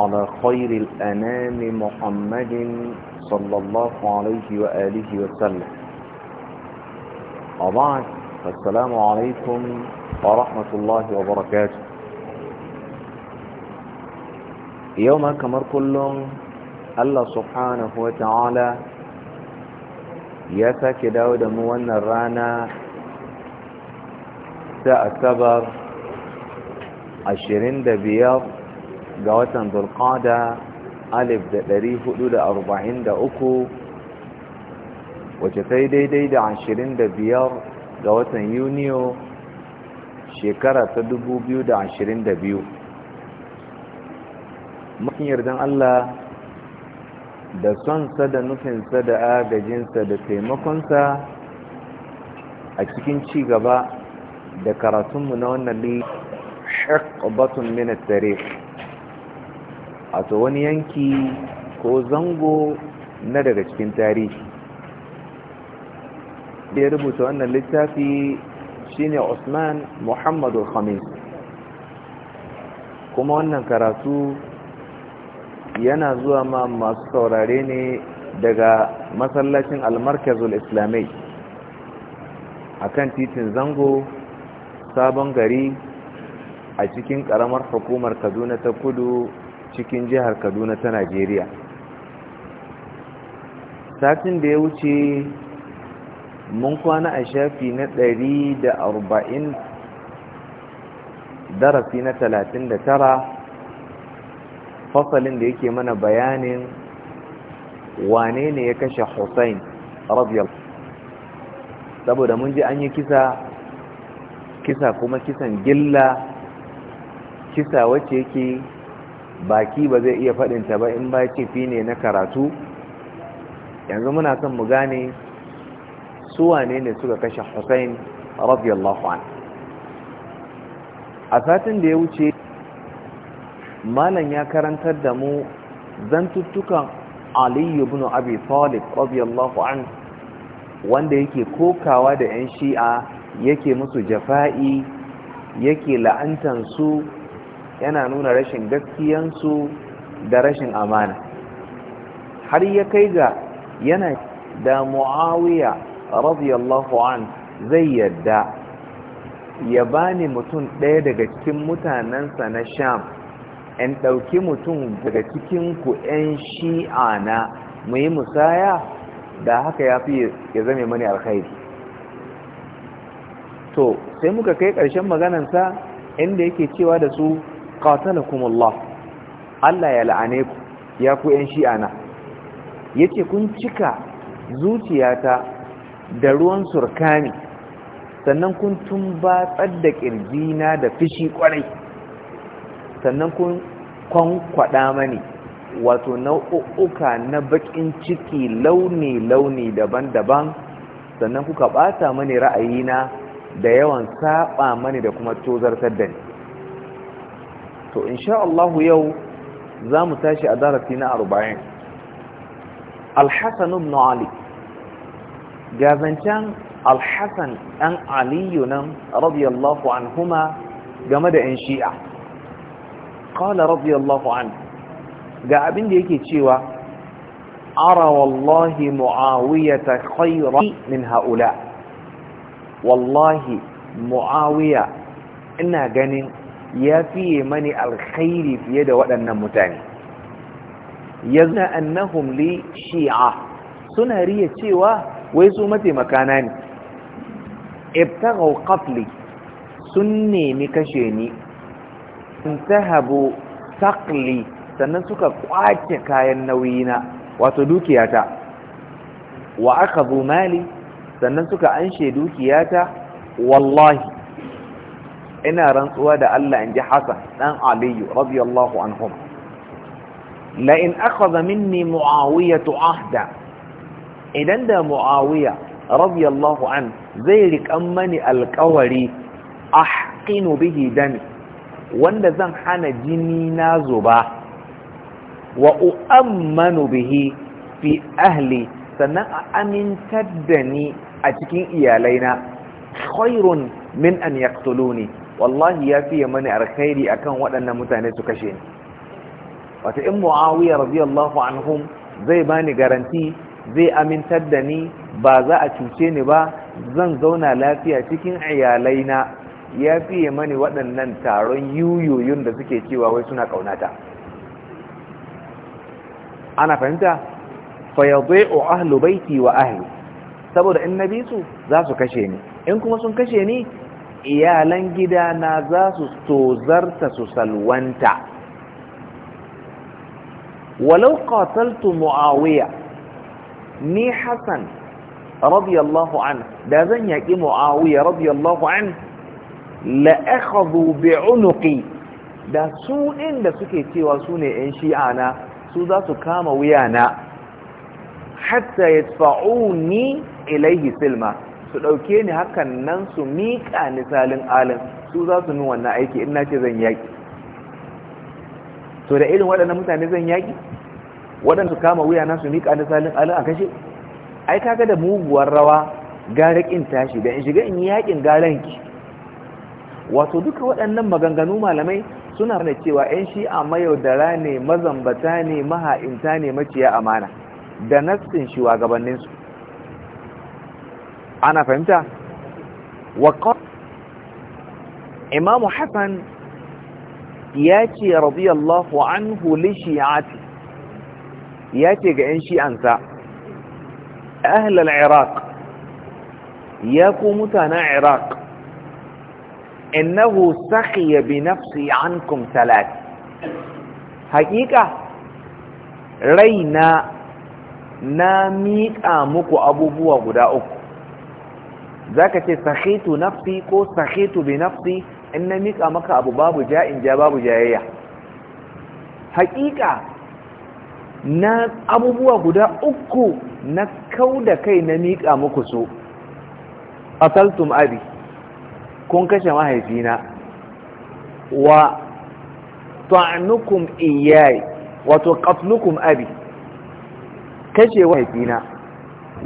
على خير الأنام محمد صلى الله عليه وآله وسلم وبعد السلام عليكم ورحمة الله وبركاته يوم كمر كلهم الله سبحانه وتعالى ya داود موانا رانا mu عشرين rana ga watan dulkada alif da ɗari hudu da arba'in da uku wace ta yi daidai da ashirin da biyar ga watan yuniyo shekara ta dubu biyu da ashirin da biyu makin yardan allah da sonsa da nufinsa da agajinsa da taimakonsa a cikin ci gaba da karatunmu na wannan li shaƙabatun minat a to wani yanki ko zango na daga cikin tarihi da ya rubuta wannan littafi shine Usman Muhammadu Khamis kuma wannan karatu yana zuwa ma masu saurare ne daga masallacin almarkazul islamai kan titin zango sabon gari a cikin karamar hukumar kaduna ta kudu cikin jihar kaduna ta najeriya satin da ya wuce mun kwana a shafi na ɗari da arba'in darasi na talatin da tara fasalin da yake mana bayanin wane ne ya kashe hussain rabiyar saboda mun ji an yi kisa kisa kuma kisan gilla kisa wacce yake baki ba zai iya faɗinta ba in ba fi ne na karatu yanzu muna son mu gane su wane ne suka kashe Hussein radiyallahu an a satin da ya wuce malam ya karantar da mu zantuttukan aliyu bin Abi Talib radiyallahu an wanda yake kokawa da 'yan shi'a yake musu jafa'i yake la'antansu yana nuna rashin gaskiyansu da rashin amana har ya kai ga yana da muawiya radiyallahu an zai yadda ya bani mutum ɗaya daga cikin mutanensa na sham in ɗauki mutum daga ku 'yan shi'a na mu yi musaya da haka ya fi ya zame mani alkhairi to sai muka kai ƙarshen maganansa inda yake cewa da su qatalakum Allah Allah ya la'ane ku ya ku yan na yace kun cika zuciyata da ruwan surkani sannan kun tumbatsar da na da fishi kwarai sannan kun kwankwada mani wato nau'uka na bakin ciki launi-launi daban-daban sannan kuka bata mani ra'ayina da yawan saba mani da kuma tozartar da to in sha'allahu yau za mu tashi a darasi na 40 al-hasan ibn ali gazancan al-hasan ɗan aliyu nan radiyallahu anhuma game da yan shi'a qala radiyallahu anhu ga abin da yake cewa ara wallahi muawiyata khayran min haula wallahi muawiya ina ganin ya fiye mani alkhairi fiye da waɗannan mutane yazna annahum li shi'a suna riya cewa wai su mataimakana ne ibtaghaw qatli sun nemi kashe ni intahabu saqli sannan suka kwace kayan nauyina wato dukiyata wa akhadhu mali sannan suka anshe dukiyata wallahi ina rantsuwa da Allah in ji Hassan ɗan Aliyu radiyallahu anhum la in akhadha minni Muawiya ahda idan da Muawiya radiyallahu an zai riƙa mani alƙawari ahqinu bihi dami wanda zan hana jini na zuba wa u'ammanu bihi fi ahli sannan a amintar da ni a cikin iyalaina khairun min an yaqtuluni wallahi ya fiye mani alkhairi akan waɗannan mutane su kashe ni wata in muawiya radiyallahu anhum zai bani garanti zai amintar da ni ba za a cuce ni ba zan zauna lafiya cikin iyalaina ya fiye mani waɗannan taron yuyoyin da suke cewa wai suna ƙaunata ana fahimta fayadai'u ahlu baiti wa ahli saboda in na bi su za su kashe ni in kuma sun kashe ni iyalan gidana za su tozarta su salwanta walau qataltu muawiya ni hasan radiyallahu an da zan yaki muawiya radiyallahu an la akhadhu da su ɗin da suke cewa su ne yan shi'a na su za su kama wuyana hatta yadfa'uni ilayhi silma su ɗauke ni hakan nan su miƙa ni alin su za su nuna wannan aiki in na ce zan yaƙi to da irin waɗannan mutane zan yaƙi waɗansu kama wuya na su miƙa ni salin alin a kashe ai kaga da muguwar rawa gara ƙin tashi da in shiga in yaƙin garan ki wato duka waɗannan maganganu malamai suna da cewa 'yan shi shi'a mayaudara ne mazambata ne maha'inta ne maciya amana da nassin gabanninsu. انا فهمتها وقال امام حسن ياتي رضي الله عنه لشيعته ياتي جئن شي انسا اهل العراق ياكو متنا عراق انه سخي بنفسي عنكم ثلاث حقيقة رينا ناميك أمك ابو بوا غداؤك zaka ce sakhitu nafsi ko sakhitu bi nafsi in na mika maka abu babu ja'in ja babu jayayya haƙiƙa na abubuwa guda uku na kau da kai na miƙa muku so asaltum abi kun kashe mahaifina wa ta'nukum iyai wato qatlukum abi kashe mahaifina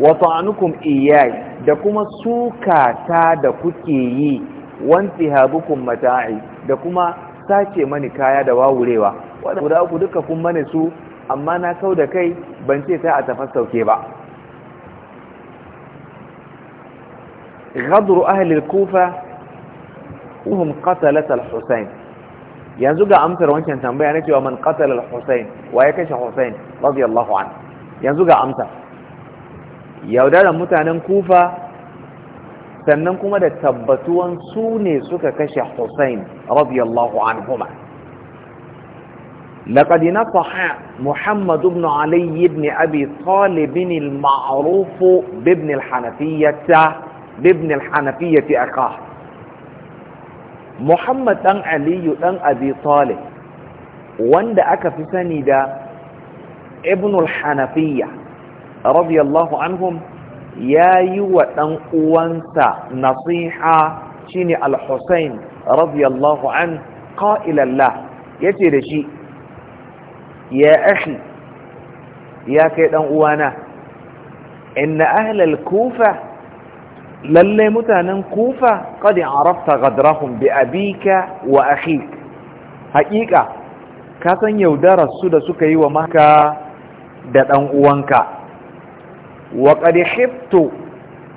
wa ta'nukum iyai da kuma sukata da kuke yi wanti habukun mata'i da kuma sace mani kaya da wawurewa wadda guda uku duka kun mani su amma na kau da kai ban ce sai a tafassauke ba غدر kufa الكوفة qatalat al-husayn yanzu ga amsar wancan tambaya na cewa man qatala al-Husayn wa ya kashe Husayn radiyallahu anhu yanzu ga amsar yaudarar mutanen kufa sannan kuma da tabbatuwan su ne suka kashe Hussein radiyallahu anhuma لقد نصح محمد بن علي بن أبي طالب المعروف بابن الحنفية بابن الحنفية أخاه محمد أن علي أن أبي طالب وند أكا في سنة ابن الحنفية radiyallahu anhum ya yi wa ɗan uwansa nasiha shine al-Husayn radiyallahu an qa'ilallah yace da shi ya akhi ya kai ɗan uwana inna ahlal kufa lalle mutanen kufa qad arafta ghadrahum bi abika wa akhik haqiqa ka san yaudarar su da suka yi wa maka da ɗan uwanka wa qad haƙiƙa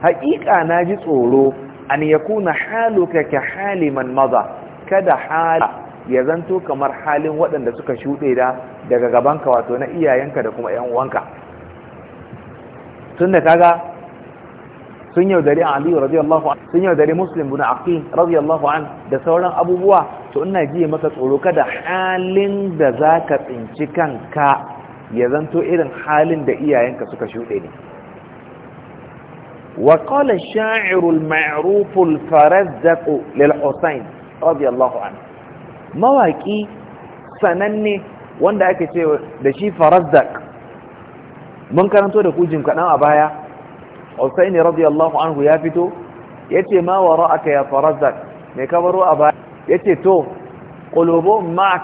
haqiqa naji tsoro an yakuna haluka ka haliman maza kada hala ya zanto kamar halin waɗanda suka shuɗe da daga gabanka wato na iyayenka da kuma 'yan uwanka tun da kaga sun yaudari aliyu radiyallahu an sun yaudari muslim bin aqim radiyallahu an da sauran abubuwa to ina ji maka tsoro kada halin da zaka tsinci kanka ya zanto irin halin da iyayenka suka shuɗe ne وقال الشاعر المعروف الفرزدق للحسين رضي الله عنه مواكي sananne wanda ake ce da shi farazdak mun karanto da kujin kaɗan a baya Hussein radiyallahu anhu ya fito yace ma wara'aka ya farazdak me ka baro a baya yace to qulubuhum ma'ak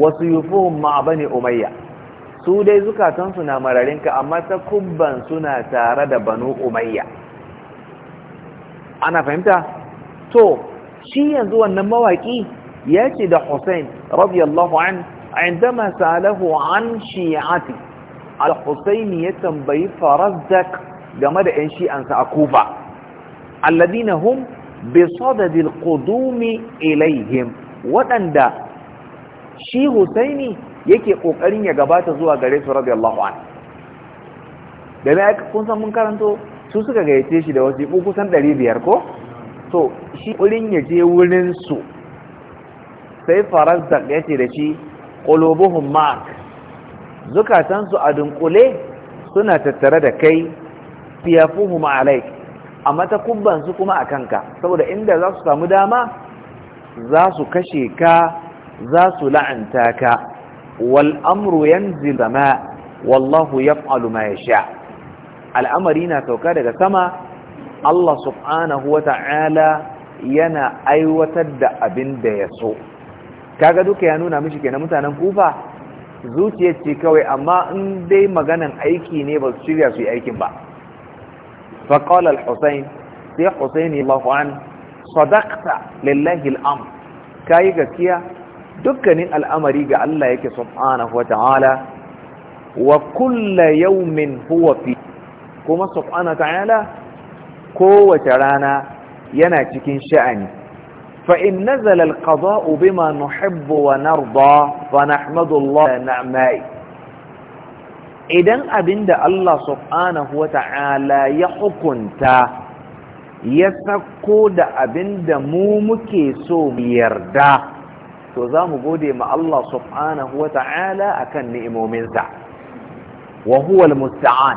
wa suyufuhum ma bani umayya su dai zukatansu na mararinka amma ta kubban suna tare da banu umayya ana fahimta to shi yanzu wannan mawaƙi ya ce da hussein radiyallahu an inda masalahu an shi'ati al-hussein ya tambayi farazzak game da yan shi'ansa a kufa alladina hum bi ƙudumi qudumi ilaihim waɗanda shi hussein yake kokarin ya gabata zuwa gare su radiyallahu anhu da na kun san mun karanto su suka gayyace shi da wasiƙu kusan 500 ko to shi wurin ya je wurin su sai faransa ya ce da shi qulubuhum ma'ak zukatan su a dunkule suna tattare da kai fiyafuhum alaik amma ta kubban kuma a kanka saboda inda za su samu dama za su kashe ka za su la'anta ka wal amru yanzil sama wallahu yaf'alu ma yasha al'amari na sauka daga sama Allah subhanahu wa ta'ala yana aiwatar da abinda da ya so kaga duka ya nuna mishi kenan mutanen kufa zuciyar ce kawai amma in dai maganan aiki ne basu su shirya su yi aikin ba faƙal al-husayn sai husayn Allah an sadaqta lillahi al-amr kai gaskiya dukkanin al'amari ga Allah yake subhanahu wa ta'ala wa kulla yaumin huwa fi kuma subhanahu wa ta'ala kowace rana yana cikin sha'ani fa in nazala al-qada'u bima nuhibbu wa narda wa nahmadu Allah ni'mai idan abinda Allah subhanahu wa ta'ala ya hukunta ya sako da abinda mu muke so mu yarda to za mu gode ma Allah subhanahu wa ta'ala akan ni'imominsa wa huwa almusta'an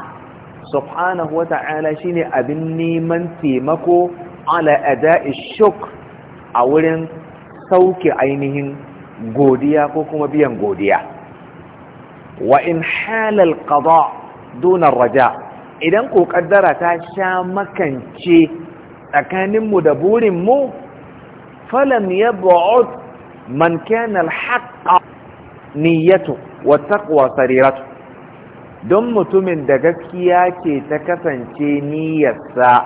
subhanahu wa ta'ala shine abin neman taimako ala ada'i shuk a wurin sauke ainihin godiya ko kuma biyan godiya wa in halal qada duna raja idan ko kaddara ta sha makance tsakaninmu da burinmu falam yab'ud man kana alhaqqa niyyatu wa taqwa sariratu don mutumin da gaskiya ce ta kasance niyyarsa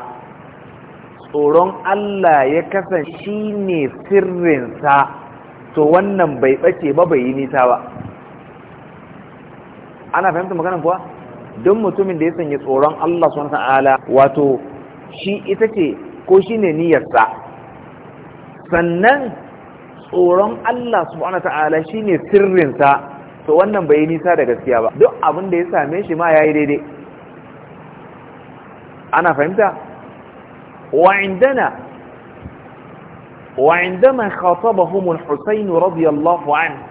tsoron Allah ya kasance shi ne sirrinsa to wannan bai bace ba bai yi nisa ba ana fahimta maganar kuwa don mutumin da ya sanya tsoron Allah subhanahu ta'ala wato shi ita ce ko shi ne niyyarsa sannan tsoron Allah subhanahu ta'ala shine sirrinsa to wannan bai nisa da gaskiya ba duk abin da ya same shi ma yayi daidai ana fahimta wa indana wa indama khatabahum al-Husayn radiyallahu anhu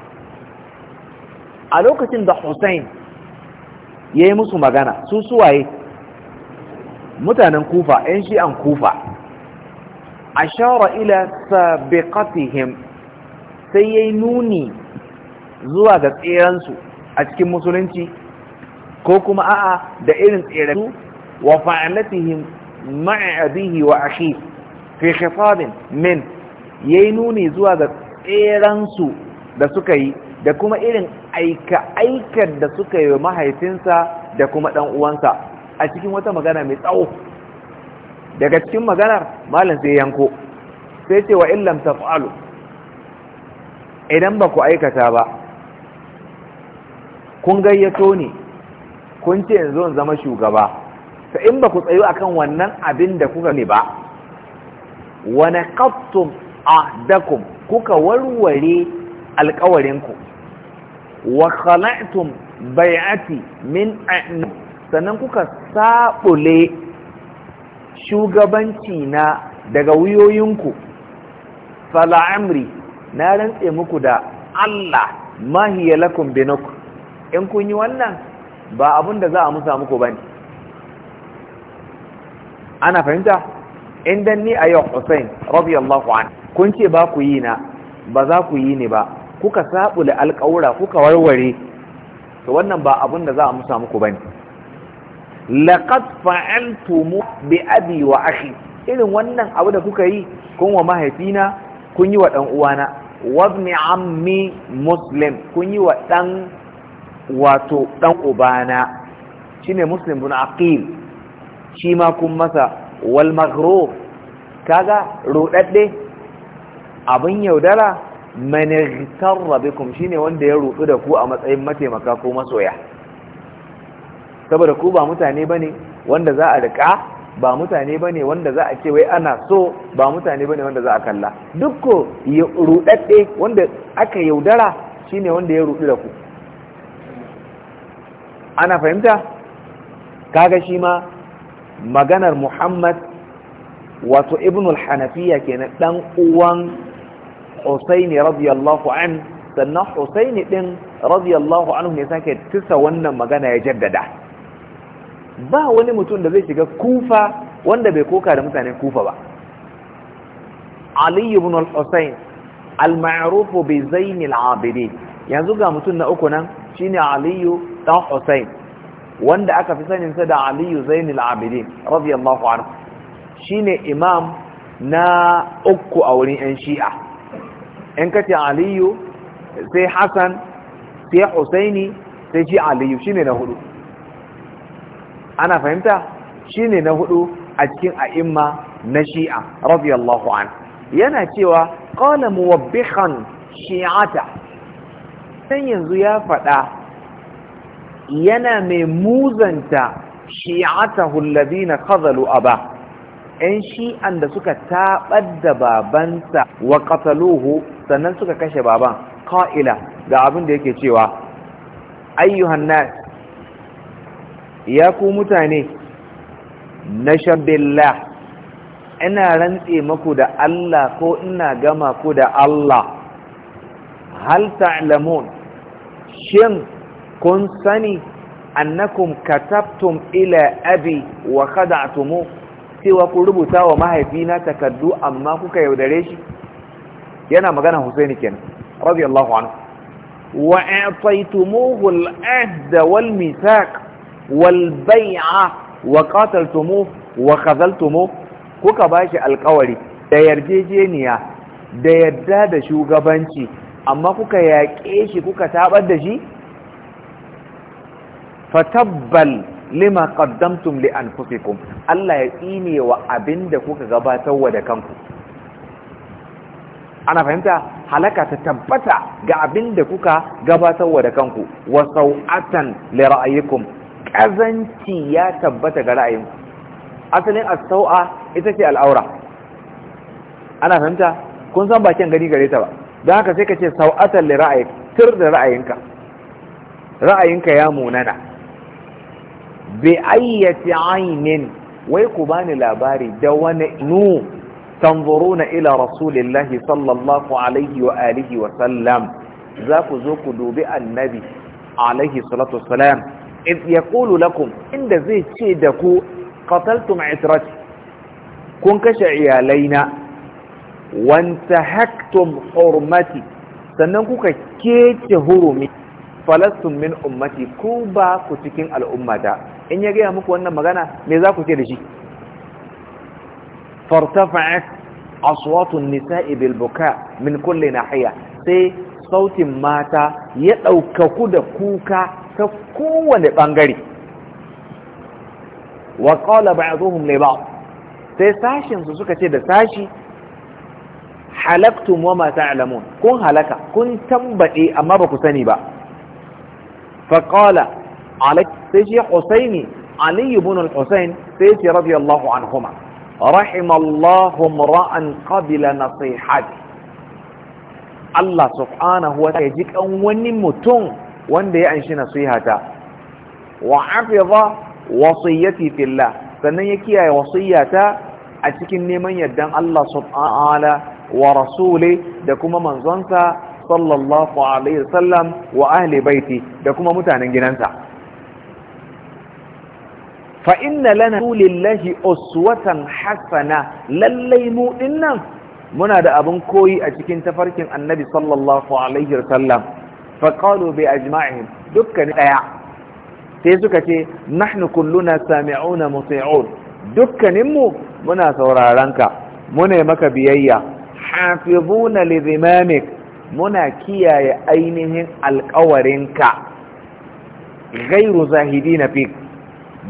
a lokacin da Husayn yayi musu magana su suwaye mutanen Kufa ƴan shi'an Kufa ashara ila sabiqatihim sai yayi nuni zuwa ga tseransu a cikin musulunci ko kuma a'a da irin tseransu wa fa’alatihin ma'a abihi wa ashi fi shafabin min yayi nuni zuwa ga tseransu da suka yi da kuma irin aika-aikar da suka yi mahaifinsa da kuma ɗan'uwansa, a cikin wata magana mai tsawo daga cikin maganar malam sai yanko sai ce wa illam fa’alu idan ba ku aikata ba kun gayyato ne kun ce yanzu in zama shugaba ta in ba ku tsayo kan wannan abin da kuka ne ba wani a dakum kuka warware alkawarinku wa khala'tum bayati min sannan kuka sabule shugabanci na daga wuyoyinku fala amri na rantse muku da Allah mahiya lakum binuk in kun yi wannan ba abun da za a musa muku bane ana fahimta indan ni ayyuk Hussein radiyallahu anhu kun ce ba ku yi na ba za ku yi ne ba kuka sabula alƙawura kuka warware to wannan ba abun da za a musa muku bane laqad fa'altum bi abi wa akhi irin wannan abu da kuka yi kun wa mahaifina kun yi wa ɗan uwana wabni ammi muslim kun yi wa ɗan wato ɗan ubana shine muslim bin aqil shi ma kun masa wal maghrur kaga rudadde abin yaudara man igtarra bikum ne wanda ya rudu da ku a matsayin mataimaka ko masoya saboda ku ba mutane bane wanda za a rika ba mutane ba ne wanda za a ce wai ana so ba mutane ba ne wanda za a kalla dukko rudadde wanda aka yaudara shine wanda ya rudu da ku ana fahimta kaga shi ma maganar muhammad wato ibnul hanafiya kenan dan uwan husaini radiyallahu an sannan husaini din radiyallahu anhu ne sake tisa wannan magana ya jaddada ba wani mutum da zai shiga kufa wanda bai koka da mutane kufa ba Aliyu bin al-husayn al-ma'ruf bi zain al-abidin yanzu ga mutum na uku nan shine Aliyu dan husayn wanda aka fi sanin sa da aliyu zain al-abidin radiyallahu anhu shine imam na uku a wurin yan shi'a in kace Aliyu sai hasan sai husaini sai shi Aliyu shine na hudu ana fahimta shine na hudu a cikin a'imma na shi'a radiyallahu an yana cewa qala muwabbikan shi'ata san yanzu ya faɗa yana mai muzanta shi'atahu alladhina qadalu aba ‘yan shi'an da suka taɓar da babansa wa ƙasaluhu sannan suka kashe baban ƙa'ila ga abin da yake cewa ayyuhan nas ya ku mutane na shabillah ina rantse maku da Allah ko ina gama ku da Allah hal ta'lamun shin kun sani annakum kataftum ila abi wa khada'tumu cewa ku rubuta wa mahaifina takaddu amma kuka yaudare shi yana magana Husaini kenan radiyallahu anhu wa a'taytumuhu al-ahd wal mithaq wal bai'a wa qataltumu wa khazaltumu kuka bashi alƙawari da yarjejeniya da yadda da shugabanci amma kuka yaƙe shi kuka tabar da shi fatabbal lima qaddamtum li anfusikum Allah ya tsine wa abinda kuka gabatar wa da kanku ana fahimta halaka ta tabbata ga abinda kuka gabatar wa da kanku wa sau'atan li ra'ayikum kazanci ya tabbata ga ra'ayin asalin as-sau'a ita ce al'aura ana fahimta kun san bakin gani gare ta ba don haka sai ka ce sau'atan li ra'ayi tur da ra'ayinka ra'ayinka ya munana bi ayyati aynin wai ku bani labari da wani nu tanzuruna ila rasulillahi sallallahu alaihi wa alihi wa sallam za ku zo ku dubi annabi alaihi salatu wassalam inda إذ da ku إن ذي تشيدكو kashe iyalai na Wanta عيالينا hurmati sannan kuka kece hurumi falastun min ummati ku ba ku cikin al'ummata in ya gaya muku wannan magana me za ku ce da shi fartafa'at aswatun nisa'i bil buka min kulli nahiya sai sautin mata ya ɗaukaku da kuka ta kowane bangare wa qala ba'dhum li ba. sai sashin su suka ce da sashi halaktum wa ma ta'lamun kun halaka kun tambaɗe amma ba ku sani ba fa qala alak sai shi husaini ali ibn husain sai shi radiyallahu anhuma rahimallahu ra'an qabila nasihati Allah subhanahu wa ta'ala ji kan wani mutum wanda ya anshi nasihata wa hafiza wasiyyati fillah sannan ya kiyaye wasiyyata a cikin neman yardan Allah subhanahu wa rasuli da kuma manzonsa sallallahu alaihi wasallam wa ahli baiti da kuma mutanen gidansa fa inna lana lillahi uswatan hasana lallai mu dinnan muna da abin koyi a cikin tafarkin annabi sallallahu alaihi wasallam faƙalu bi ajma'ihim dukkan ɗaya sai suka ce nahnu kulluna sami'una muti'un dukkaninmu muna sauraron ka muna maka biyayya hafizuna li muna kiyaye ainihin alƙawarinka ghairu zahidina fik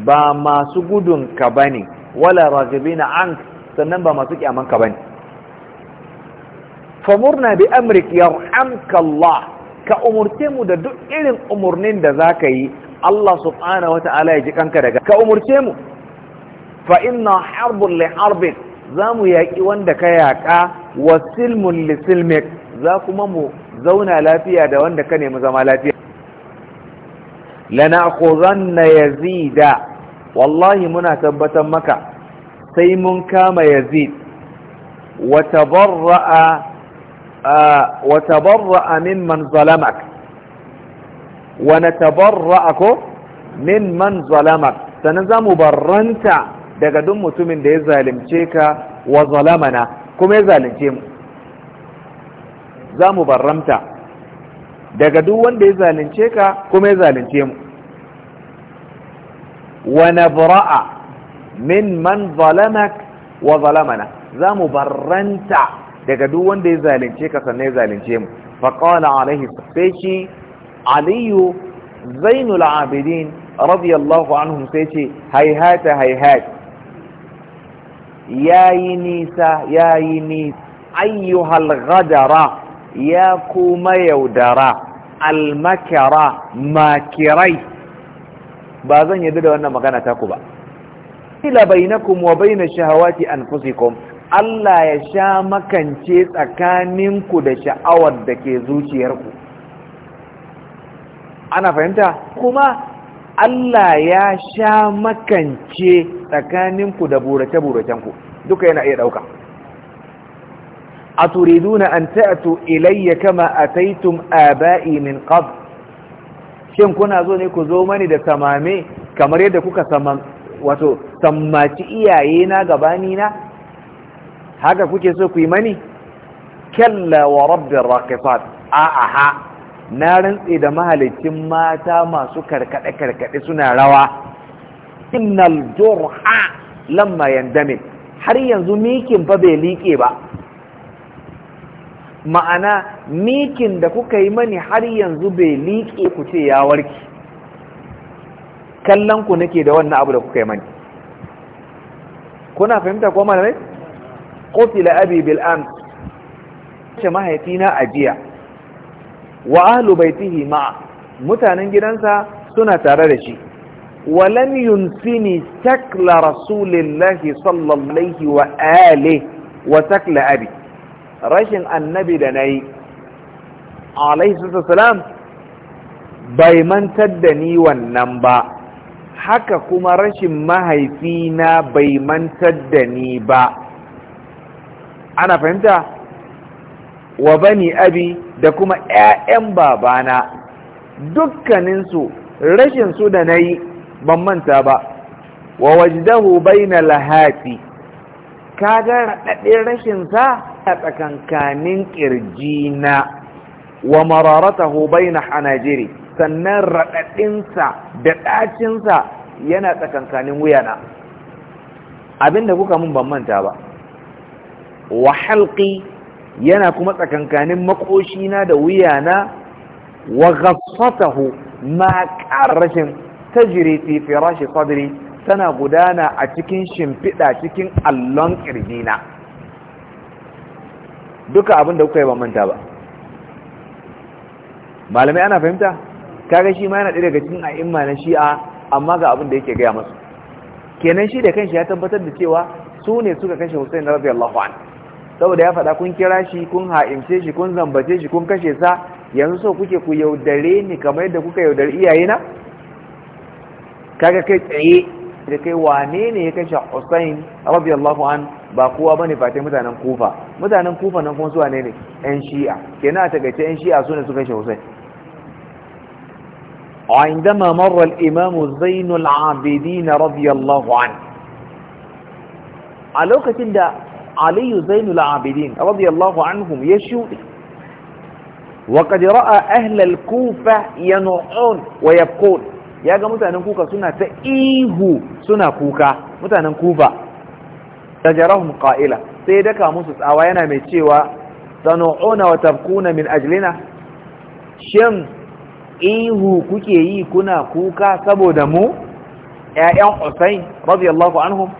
ba masu gudun ka bane wala ragibina an sannan ba masu kyaman ka bane famurna bi amrik yarhamka Allah ka umurce mu da duk irin umurnin da za ka yi Allah subhanahu wa ta'ala ya ji kanka daga ka umurce mu fa inna harbun li harbin za mu yaƙi wanda ka yaƙa wa silmun li silmik za kuma mu zauna lafiya da wanda ka nemi zama lafiya lana khuzanna yazida wallahi muna tabbatar maka sai mun kama yazid wa tabarra'a وتبرأ ممن ظلمك ونتبرأك ممن ظلمك سنزام برنت daga duk mutumin da ya zalunce ka wa zalamana kuma ya zalunce mu za mu barramta daga duk wanda ya zalunce ka kuma ya zalunce mu wa nabra'a min man zalamak wa zalamana za mu barranta daga duk wanda ya zalunce ka sannan ya zalunce mu fa qala alaihi sai shi aliyu zainul abidin radiyallahu anhum sai ce haihata haihat yayi nisa yayi ni ayyuhal ghadara ya kuma yaudara almakara makirai ba zan yadda da wannan magana taku ba ila bainakum wa baina shahawati anfusikum Allah ya sha makance tsakaninku da sha'awar da ke zuciyarku ana fahimta kuma Allah ya sha makance tsakaninku da burace-buracenku duka yana iya ɗauka a turiduna an ta'atu ilayya kama a taitun aba'i min ƙaf shin kuna zo ne ku zo mani da samame kamar yadda kuka wato sammaci iyayena na gabani haka kuke so ku yi mani kalla wa rabbin raqisat a'a na rantse da mahalicin mata masu karkade karkade suna rawa innal jurha lamma yandamit har yanzu mikin fa bai liƙe ba ma'ana mikin da kuka yi mani har yanzu bai liƙe ku ce ya warki kallon ku nake da wannan abu da kuka yi mani kuna fahimta ko malamai qutila abi bil am ce mahaifina a jiya wa ahlu baitihi mutanen gidansa suna tare da shi wa lam yunsini takla rasulillahi sallallahu wa alihi wa takla abi rashin annabi da nayi alaihi salam bai mantar da wannan ba haka kuma rashin mahaifina bai mantar da ni ba ana fahimta wa bani abi da kuma 'ya'yan babana dukkaninsu rashin su da na yi ban manta ba wa wajdahu baina lahati kaga raɗaɗe rashin sa a tsakankanin ƙirji na wa mararatahu baina hanajiri sannan raɗaɗinsa da ɗacinsa yana tsakankanin wuyana abinda kuka mun ban manta ba wa halqi yana kuma tsakankanin makoshina da wuyana wa ghassatahu ma qarrashin tajri fi firashi sadri tana gudana a cikin shimfiɗa cikin allon ƙirjina duka abin da kuka yi ba manta ba malamai ana fahimta kaga shi ma yana da daga cikin a'imma na shi'a amma ga abin da yake gaya masu kenan shi da kanshi ya tabbatar da cewa su ne suka kashe Hussein radiyallahu anhu saboda ya faɗa kun kira shi kun ha'imce shi kun zambace shi kun kashe sa yanzu so kuke ku yaudare ni kamar yadda kuka yaudare iyayena kaga kai tsaye da kai wane ne ya kashe Hussein radiyallahu an ba kowa ba bane fatai mutanen Kufa mutanen Kufa nan kuma su wane ne Yan Shi'a kenan a takaice yan Shi'a su ne su kashe A Hussein عندما مر Zainul زين na رضي الله عنه a lokacin da علي زين العابدين anhu ya عنهم يشوي وقد رأى أهل الكوفة ينعون ويبكون ya ga mutanen kuka suna ta ihu suna kuka mutanen kufa tajarahum ka'ila. sai daka musu tsawa yana mai cewa tanu'una wa tabkuna min ajlina shin ihu kuke yi kuna kuka saboda mu ƴaƴan Husayn radiyallahu anhum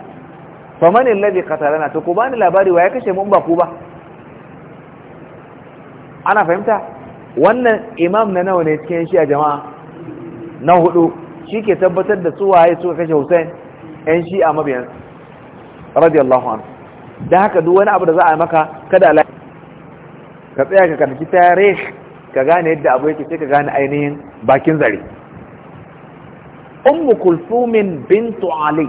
faman alladhi qatalana to ku bani labari wa ya kashe mun ba ku ba ana fahimta wannan imam na nawa ne cikin shi a jama'a na hudu shi ke tabbatar da su waye suka kashe Hussein yan shi a mabiyan radiyallahu anhu da haka duk wani abu da za a maka kada la ka tsaya ka karki tarihi ka gane yadda abu yake sai ka gane ainihin bakin zare ummu kulfumin bintu ali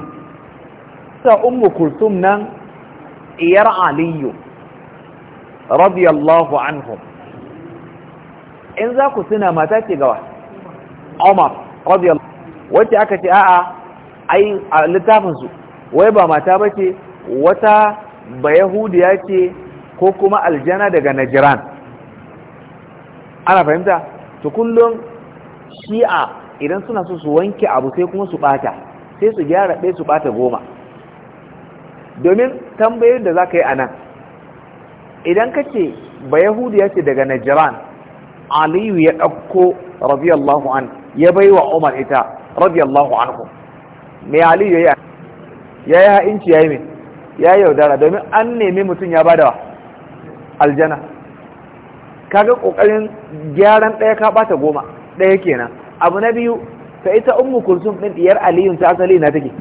sa ummu kultum nan iyar aliyu radiyallahu anhu in za ku suna mata ce gawa Omar. radiyallahu wacce aka ce a'a a littafinsu wai ba mata ba ce wata ba yahudiya ce ko kuma aljana daga najiran ana fahimta ta kullum shi'a idan suna so su wanke abu sai kuma su bata sai su gyara ɗaya su bata goma domin tambayoyin da za ka yi a nan idan ka ce ba ya ce daga najiran aliyu ya ɗauko radiyallahu an ya bai wa umar ita radiyallahu ku me aliyu ya yi ya yi ha'inci ya yi min ya yi yaudara domin an nemi mutum ya bada aljana kaga kokarin gyaran ɗaya ka bata goma ɗaya kenan abu na biyu ta ita ummu kulsum ɗin ɗiyar aliyun ta asali na take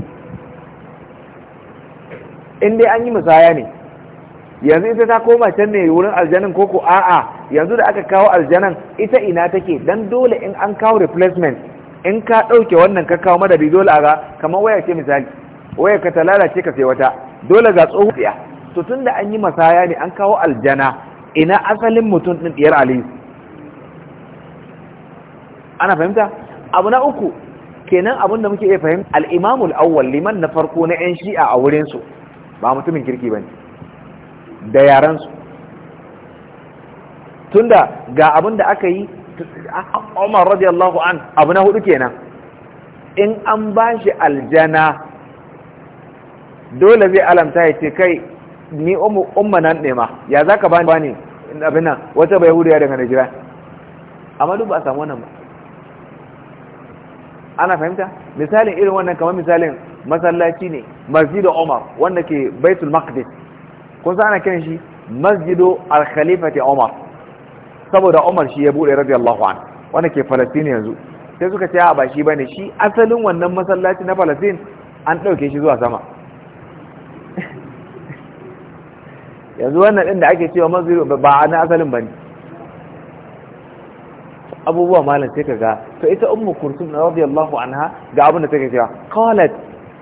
in dai an yi musaya ne yanzu ita ta koma can ne wurin aljanin koko a'a yanzu da aka kawo aljanan ita ina take dan dole in an kawo replacement in ka ɗauke wannan ka kawo madadi dole a ga kamar waya ce misali waya ka ta lalace ka sai wata dole ga tsohon tsiya to tun da an yi masaya ne an kawo aljana ina asalin mutum ɗin ɗiyar aliyu ana fahimta abu na uku kenan abin da muke iya fahimta Al-Imamul awwal liman na farko na 'yan shi'a a wurinsu ba mutumin kirki ba ne da yarensu tunda ga abin da aka yi Umar radiyallahu an abu na hudu kenan in an ba shi aljana dole zai alamta ya ce kai ni umma nan ne ma ya za ka ba ne abin nan wata bai hudu ya daga Najira amma duk ba a samu wannan ba ana fahimta misalin irin wannan kamar misalin masallaci ne masjidu umar wanda ke baitul maqdis kun san ana kiran shi masjidu al-khalifati umar saboda umar shi ya bude radiyallahu anhu wanda ke falastini yanzu sai suka ce a ba shi bane shi asalin wannan masallaci na falastin an dauke shi zuwa sama yanzu wannan din da ake cewa masjidu ba na asalin bane abubuwa malam sai ka kaga to ita ummu kulsum radiyallahu anha ga abin da take cewa qalat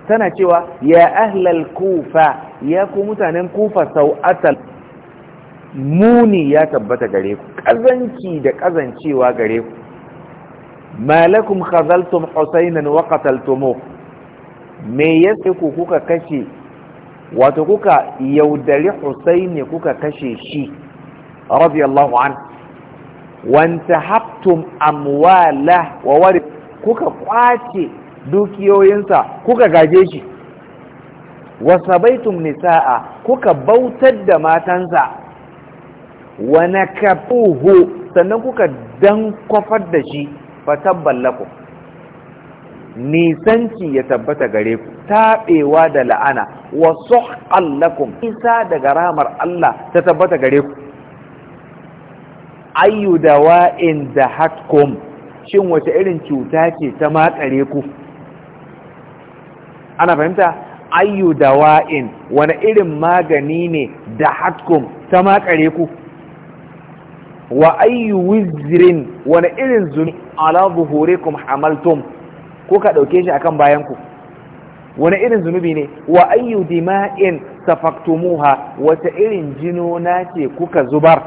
tana cewa ya ahlal kufa ya ku mutanen kufa sau muni ya tabbata gare ku kazanci da ƙazancewa gare ku malakum khazaltum husainan wa qataltumuh me yasa ku kuka kashe wato kuka yaudari husaini kuka kashe shi radiyallahu an wanta haptum amwala wa wari kuka kwace dukiyoyinsa kuka gaje shi wasabaitum nisa'a kuka bautar da matansa wa nakafuhu sannan kuka dan kwafar da shi fatabban lakum nisanci ya tabbata gare ku taɓewa da la'ana wa suhqan isa daga ramar Allah ta tabbata gare ku wa'in da dahatkum shin wace irin cuta ce ta makare ku ana fahimta ayyu dawa'in wani irin magani ne da hatkum ta makare ku wa ayyu wizirin wani irin zuni ala zuhurikum hamaltum ka ɗauke shi akan bayan ku wani irin zunubi ne wa ayyu dima'in safaktumuha wata irin jinona ce kuka zubar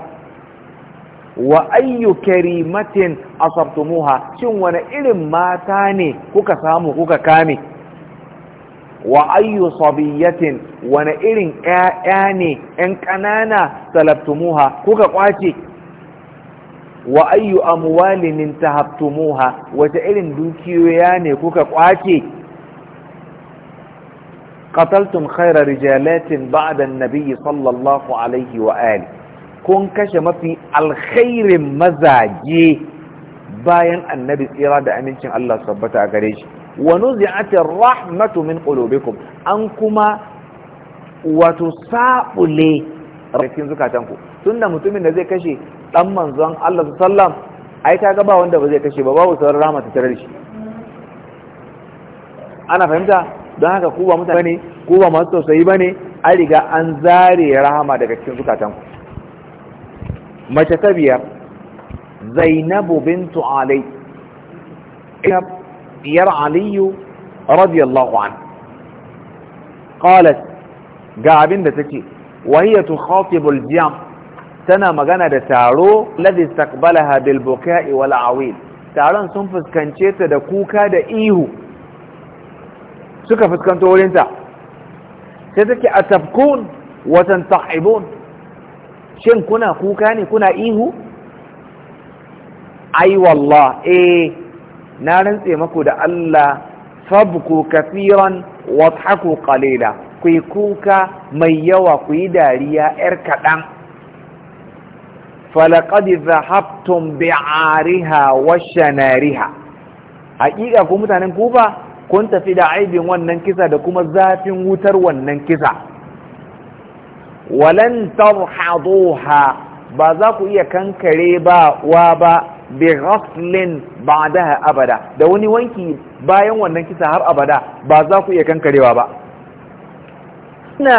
wa ayyu karimatin asabtumuha shin wani irin mata ne kuka samu kuka kame wa ayyu sabiyatin wani irin ƴaƴa ne ƴan ƙanana salaftumuha kuka kwace wa ayyu amwalin tahabtumuha wata irin dukiyoya ne kuka kwace qataltum khayra rijalatin ba'da an-nabi sallallahu alaihi wa ali kun kashe mafi alkhairin mazaje bayan annabi tsira da amincin Allah sabbata a gare shi wa nuzi'atir rahmatu min qulubikum an kuma wato saɓule. tunda mutumin da zai kashe dan manzon Allah sallam ai ta ga ba wanda ba zai kashe ba babu sauran rahama ta tare ana fahimta don haka ku ba mutane bane ku ba masu tausayi bane an riga an zare rahama daga cikin zukatanku mace ta biyar zainabu bintu alai diyar aliyu radiyallahu an qalat ga abin da take wahiya tukhatibul jam tana magana da taro ladhi istaqbalaha bil buka'i wal awil taron sun fuskance ta da kuka da ihu suka fuskanto ta. sai take atafkun wa tantahibun shin kuna kuka ne kuna ihu ai wallah eh na rantse maku da Allah sabku kafiran wadhaku qalila ku yi kuka mai yawa ku yi dariya yar kaɗan falaqad zahabtum bi'ariha wa shanariha haƙiƙa ku mutanen kufa kun tafi da aibin wannan kisa da kuma zafin wutar wannan kisa walan tarhaduha ba za ku iya kankare ba wa ba bi ghaslin ba'daha abada da wani wanki bayan wannan kisa har abada ba za ku iya kankarewa ba na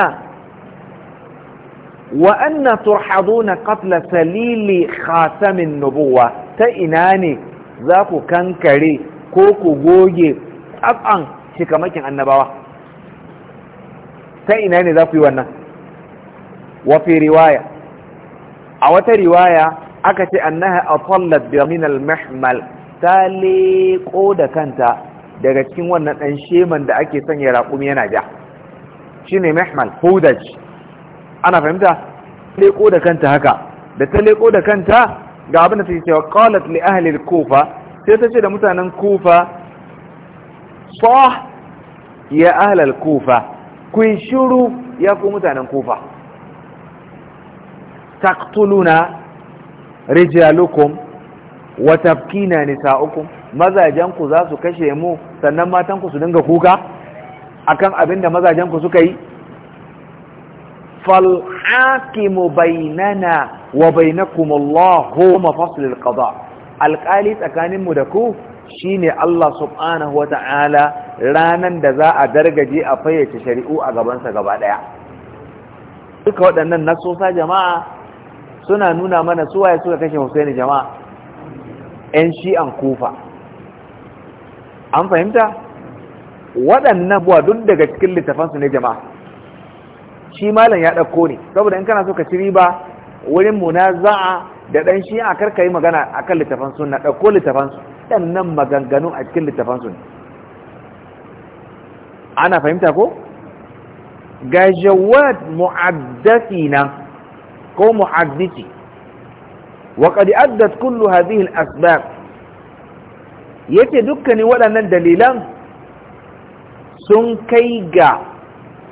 wa anna turhaduna qatla salili khatamin nubuwa ta ina ne za ku kankare ko ku goge tsatsan shikamakin annabawa ta ina ne za ku yi wannan wa fi riwaya a wata riwaya aka ce annaha a bi min al-mahmal ta leƙo da kanta daga cikin wannan ɗan sheman da ake sanya raƙumi yana ja ne mahmal hudaj ana fahimta leko da kanta haka da ta leko da kanta ga abin da take cewa qalat li ahli kufa sai ta ce da mutanen kufa sah ya ahli kufa kun shiru ya ku mutanen kufa taqtuluna rijalukum wa tabkina nisa'ukum mazajenku za su kashe mu sannan matanku su dinga kuka akan abinda mazajenku suka yi fal hakimu bainana wa bainakum Allahu Alƙali alqada alqali tsakanin mu da ku shine Allah subhanahu wa ta'ala ranan da za a dargaje a fayyace shari'u a gabansa gaba daya duka waɗannan nasosa jama'a suna nuna mana waye suka kashe Husaini jama'a ‘yan shi'an kufa an fahimta waɗannan buwa duk daga cikin littafansu ne jama'a shi malam ya ɗauko ne saboda in kana so ka ci ba wurin za'a da ɗan shi kar karka yi magana a kan littafan na ɗauko littafansu ɗannan maganganu a cikin littafansu ne ana fahimta ko ga jawad mu'addasi nan ko muhaddisi wa addat kullu hadhihi al-asbab yace dukkanin waɗannan dalilan sun kai ga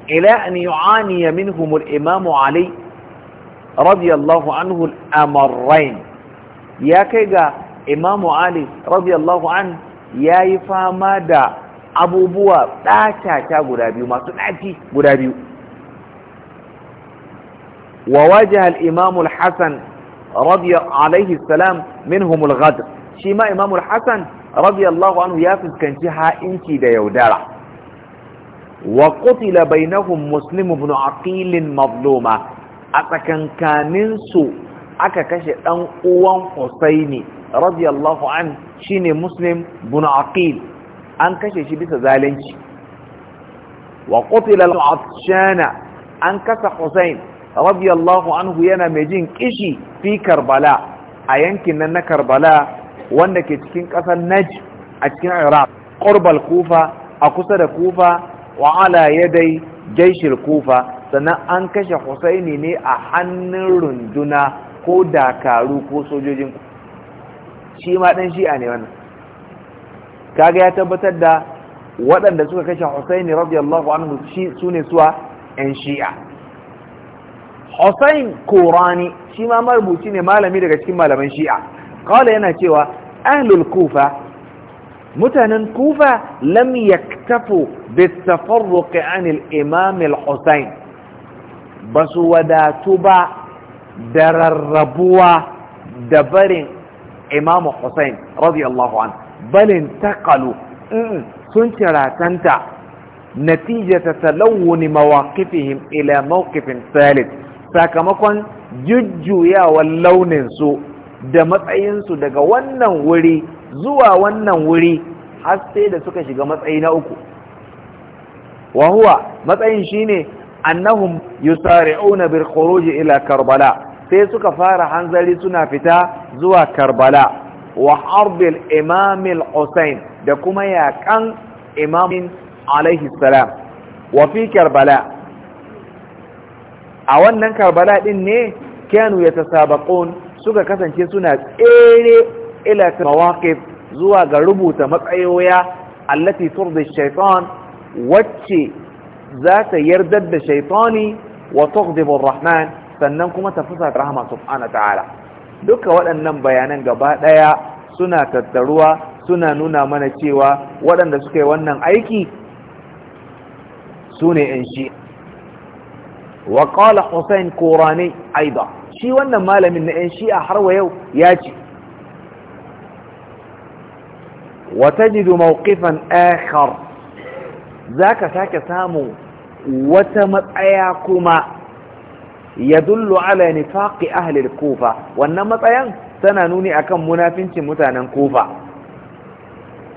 ila an yu'aniya minhum al-imam Ali radiyallahu anhu al-amrayn ya kai ga imam Ali radiyallahu an yayi fama da abubuwa ɗacata guda biyu masu ɗaci guda biyu وواجه الإمام الحسن رضي عليه السلام منهم الغدر شما إمام الحسن رضي الله عنه يافز كان شها إنكي دا يودارع وقتل بينهم مسلم بن عقيل مظلومة أتكن كاننسو أكا كشي أن أوان حسيني رضي الله عنه شيني مسلم بن عقيل أن كشي شي بيسا ذالنش وقتل العطشان أن كسى حسين radiyallahu anhu yana mai jin kishi fi karbala a yankin nan na karbala wanda ke cikin ƙasar naj a cikin iraq qurbal kufa a kusa da kufa wa ala yadai jaishil kufa sannan an kashe husaini ne a hannun runduna ko dakaru ko sojojin shi ma shi shi'a ne wannan kaga ya tabbatar da waɗanda suka kashe husaini radiyallahu anhu shi sune suwa 'yan shi'a حسين كوراني شيما مربوطين مالمي daga cikin malaman shi'a قال yana cewa اهل الكوفه متنن كوفه لم يكتفوا بالتفرق عن الامام الحسين بس وداتوا دررابوا دبر امام حسين رضي الله عنه بل انتقلوا سنتراتنت نتيجه تلون مواقفهم الى موقف ثالث sakamakon jujjuyawar launinsu da matsayinsu daga wannan wuri zuwa wannan wuri har sai da suka shiga matsayi na uku wahuwa matsayin shine annahum yusari'una bil khuruj ila karbala sai suka fara hanzari suna fita zuwa karbala wa harbil imam al da kuma yaƙan imamin alaihi salam wa fi karbala a wannan karbala din ne kyanu ya tasabaqun suka kasance suna tsere ila mawaƙif zuwa ga rubuta matsayoya allati turdi Shaitan wacce za ta yardar da shaitani wa tughdibu rahman sannan kuma ta fusa rahama Ana ta'ala duka waɗannan bayanan gaba ɗaya suna tattaruwa suna nuna mana cewa waɗanda suka yi wannan aiki su ne 'yan shi وقال حسين كوراني أيضا شي وانا مالا من ان شيء احروا يو ياجي وتجد موقفا آخر ذاك ساك سامو وتمت أياكما يدل على نفاق أهل الكوفة وانما أيان سننوني أكم منافنش متانا كوفة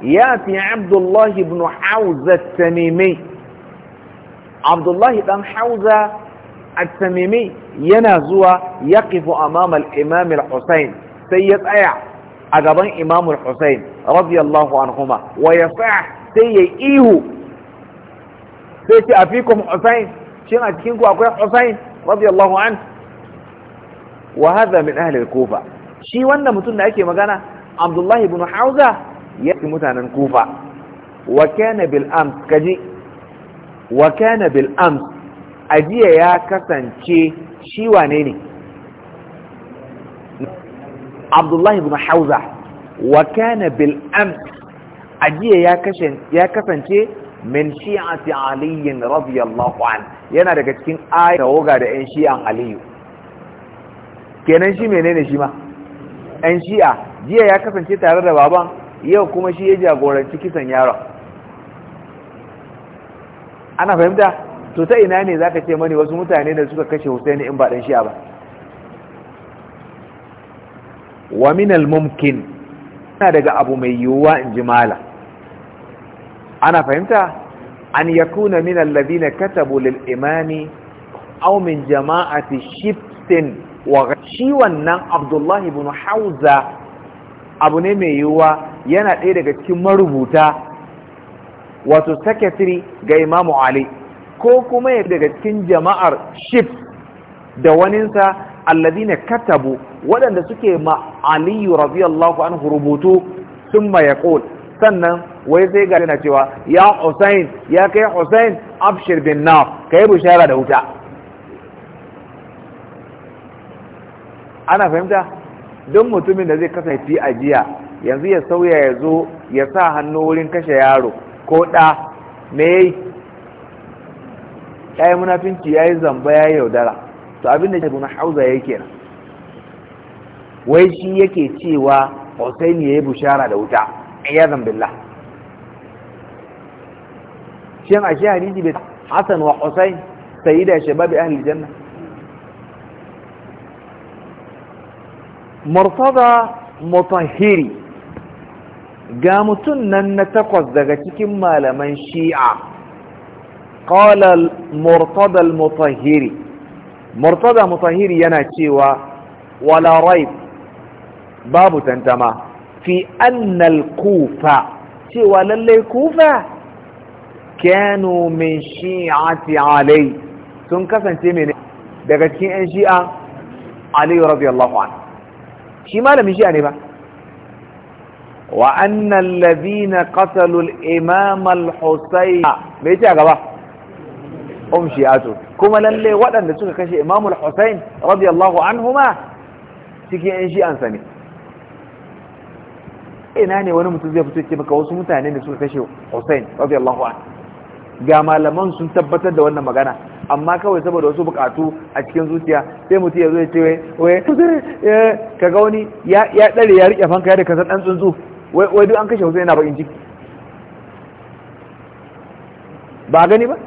يأتي عبد الله بن حوزة التميمي عبد الله بن حوزة at-tamimi yana zuwa yaqifu amama al-imam al sai ya tsaya a gaban imam al-husayn radiyallahu anhuma wa yasah sai ya ihu sai ce afikum husayn shin a cikin ku akwai husayn radiyallahu an wa hadha min ahli al-kufa shi wannan mutum da ake magana abdullahi ibn hauza ya mutanen kufa wa bil ams ajiya ya kasance shi wane ne abdullahi ibn hauza wa kana bil amr ajiya ya kasance min shi'ati aliyin radiyallahu an yana daga cikin da woga da yan shi'an aliyu kenan shi menene shi ma yan shi'a jiya ya kasance tare da baban yau kuma shi ya jagoranci kisan yaron ana fahimta to ta ina ne zaka ce mani wasu mutane da suka kashe Husaini in ba dan shi'a ba wa min al-mumkin ana daga abu mai yiwuwa in ji mala ana fahimta an yakuna min alladhina katabu lil imami aw min jama'ati shiftin wa shi wannan Abdullahi ibn Hauza abu ne mai yiwuwa yana ɗaya daga cikin marubuta wato secretary ga Imam Ali ko kuma ya daga cikin jama'ar shif da waninsa ne katabu waɗanda suke ma aliyu radiyallahu anhu rubutu sun mayaƙol, sannan wai sai ga yana cewa ya Hussein ya kai Hussein abshir bin naf kai bishara da wuta ana fahimta don mutumin da zai kasance a jiya yanzu ya sauya ya zo ya sa hannu wurin kashe yaro ko ɗa me ya yi munafinci ya yi zamba ya yi yaudara to abinda shi na hauza ya kenan wai shi yake cewa hussein ya yi bushara da wuta ya zambilla shin a shi hadisi bai hassan wa hussein sayida shababi ahli janna murtada mutahhiri ga mutum nan na takwas daga cikin malaman shi'a قال المرتضى المطهري مرتضى مطهري ينا تيوا ولا ريب باب تنتما في أن الكوفة تيوا للي كوفة كانوا من شيعة علي تنكفى انت من دقت كي ان شيعة علي رضي الله عنه شي مالا من يجي با وأن الذين قتلوا الإمام الحسين ميتي يا um shi'atu kuma lalle waɗanda suka kashe imamu al-Husayn radiyallahu anhuma cikin shi an ne ina ne wani mutum zai fito ce maka wasu mutane da suka kashe Hussein radiyallahu anhu ga malaman sun tabbatar da wannan magana amma kawai saboda wasu bukatu a cikin zuciya sai mutum ya zo ya ce wai wai ka ga wani ya ya dare ya rike fanka da kasar dan tsuntsu wai wai duk an kashe Hussein yana bakin ciki ba gani ba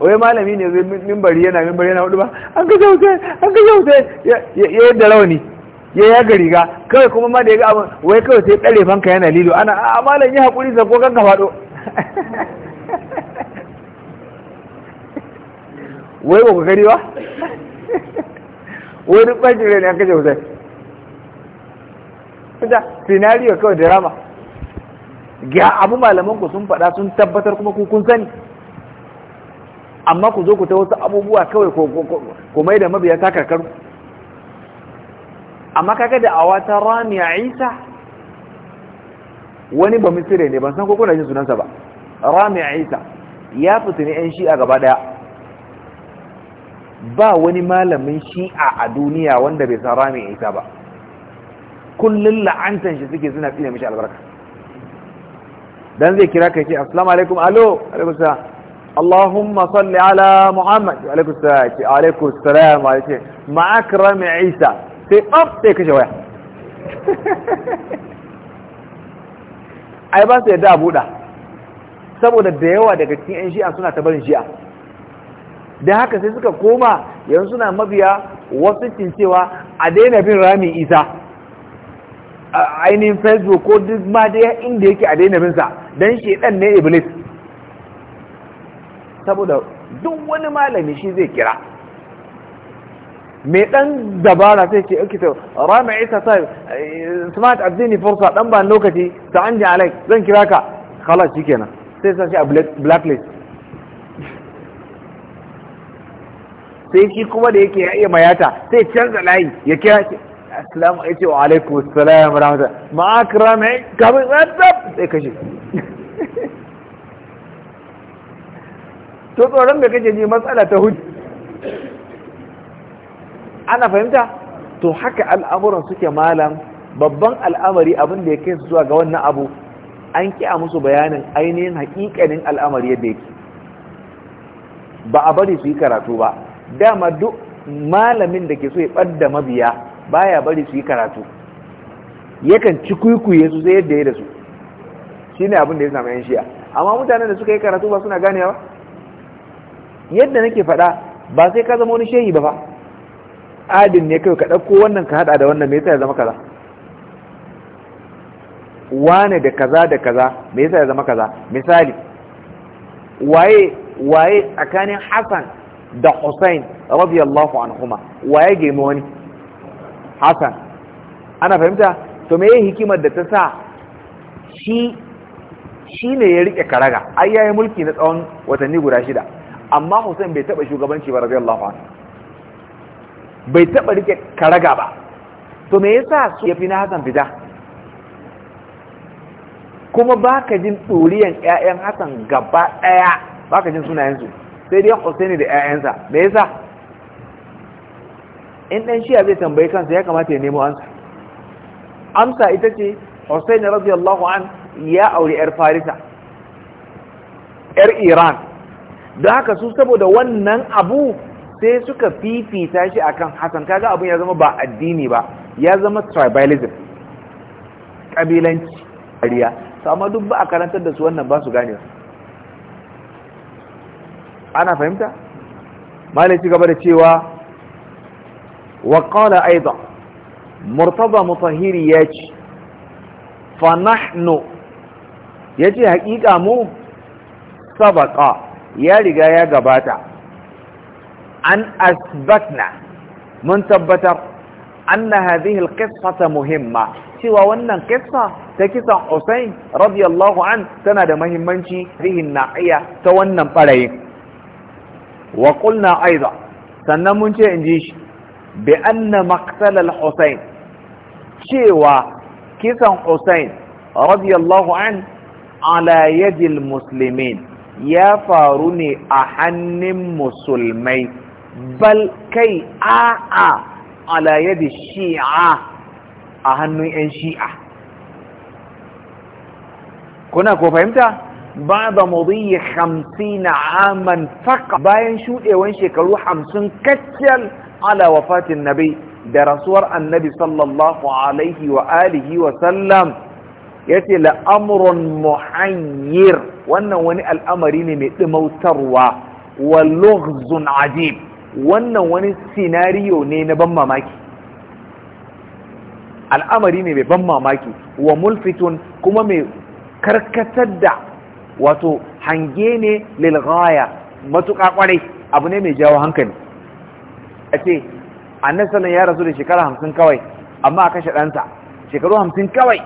wai malami ne zai mimbari yana mimbari yana hudu ba an ka sai an ka sai ya yadda rauni ya yaga riga kawai kuma ma da ya ga abin wai kawai sai tsare fanka yana lilo ana a malam yi haƙuri zako kan ka faɗo wai ba ku gari ba wai duk ɓancin rai ne an kashe hussein kuta sinariyo kawai drama ga abu malamanku sun faɗa sun tabbatar kuma ku kun sani amma ku zo ku ta wasu abubuwa kawai ku mai da mabiya ta karkar amma kaga da awa ta a isa wani ba misire ne ban san ko kuna jin sunansa ba Rami a isa ya ne yan shi'a gaba daya ba wani malamin shi'a a duniya wanda bai san rami a isa ba Kullum la'antan shi suke suna tsina mishi albarka dan zai kira kai ce assalamu alaikum alo alaikum Allahumma salli ala محمد عليكم السلام عليكم السلام عليكم مع أكرم Isa sai ɓaf sai kashe waya ai ba su yadda a buɗa saboda da yawa daga cikin 'yan shi'a suna ta barin shi'a da haka sai suka koma yanzu suna mabiya wasu cin cewa a daina bin ramin isa a ainihin facebook ko duk ma da inda yake a daina bin sa don shedan ne iblis saboda duk wani malami shi zai kira mai ɗan dabara sai ce ake ta rami isa sai eh, smart abdini forsa ɗan ba lokaci ta an alai zan kira ka khalas shi kenan sai sa shi a blacklist sai shi kuma da yake iya mayata sai canza layi ya kira shi assalamu alaikum wa alaikum assalam rahmatullahi ma'akramai kamar zan sai kashe to tsoron mai kake ji matsala ta hudu ana fahimta to haka al'amuran suke malam babban al'amari abin da ya kai zuwa ga wannan abu an ƙi a musu bayanin ainihin haƙiƙanin al'amari yadda yake ba a bari su yi karatu ba dama duk malamin da ke so ya ɓadda mabiya baya bari su yi karatu yakan ci kuikuye su sai yadda ya da su shi ne abin da ya zama yan shiya amma mutanen da suka yi karatu ba suna ganewa yadda nake faɗa ba sai ka zama wani shehi ba fa adin ne kai ka ɗauko wannan ka haɗa da wannan me yasa ya zama kaza wane da kaza da kaza me yasa ya zama kaza misali waye waye tsakanin Hassan da Hussein radiyallahu anhuma waye gemi wani Hassan ana fahimta to me yayin hikimar da ta sa shi shi ne ya rike karaga ai yi mulki na tsawon watanni guda shida amma Hussein bai taba shugabanci ba radiyallahu anhu bai taba rike karaga ba to me yasa su yafi na Hassan fita kuma baka jin ɗoriyan ƴaƴan Hassan gaba ɗaya baka jin sunayensu sai dai Hussein da ƴaƴansa me yasa in ɗan ya zai tambayi kansa ya kamata ya nemo ansa amsa ita ce Hussein radiyallahu an ya auri ƴar Farisa ƴar Iran Da haka su saboda wannan abu sai suka fifita shi akan Hassan kaga abun ya zama ba addini ba ya zama tribalism kabilanci ariya amma duk ba a karantar da su wannan ba su gane ana fahimta malai ci gaba da cewa wa qala aidan murtada ya ce fa nahnu ce haƙiƙa mu sabaka ya riga ya gabata an asbatna mun tabbatar anna hadhihi alqissata muhimma cewa wannan kissa ta kisan Usain radiyallahu an tana da muhimmanci rihin na'iya ta wannan barayi wa qulna aidan sannan mun ce inji shi bi anna maqtal al-Husayn cewa kisan Usain radiyallahu an ala yadi al-muslimin ya faru ne a hannun musulmai bal kai a'a ala yadi shi'a a hannun 'yan shi'a kuna ko fahimta ba da mudiyyi hamsin aman faka bayan shuɗewan shekaru hamsin kacciyar ala wafatin nabi da rasuwar annabi sallallahu alaihi wa alihi wa sallam yace la'amrun muhayyir wannan wani al'amari ne mai dimautarwa wa lughzun ajib wannan wani sinariyo ne na ban mamaki al'amari ne mai ban mamaki wa mulfitun kuma mai karkatar da wato hange ne lilghaya matuƙa ƙwarai abu ne mai jawo hankali a ce annasalin ya rasu da shekara hamsin kawai amma a kashe ɗansa shekaru hamsin kawai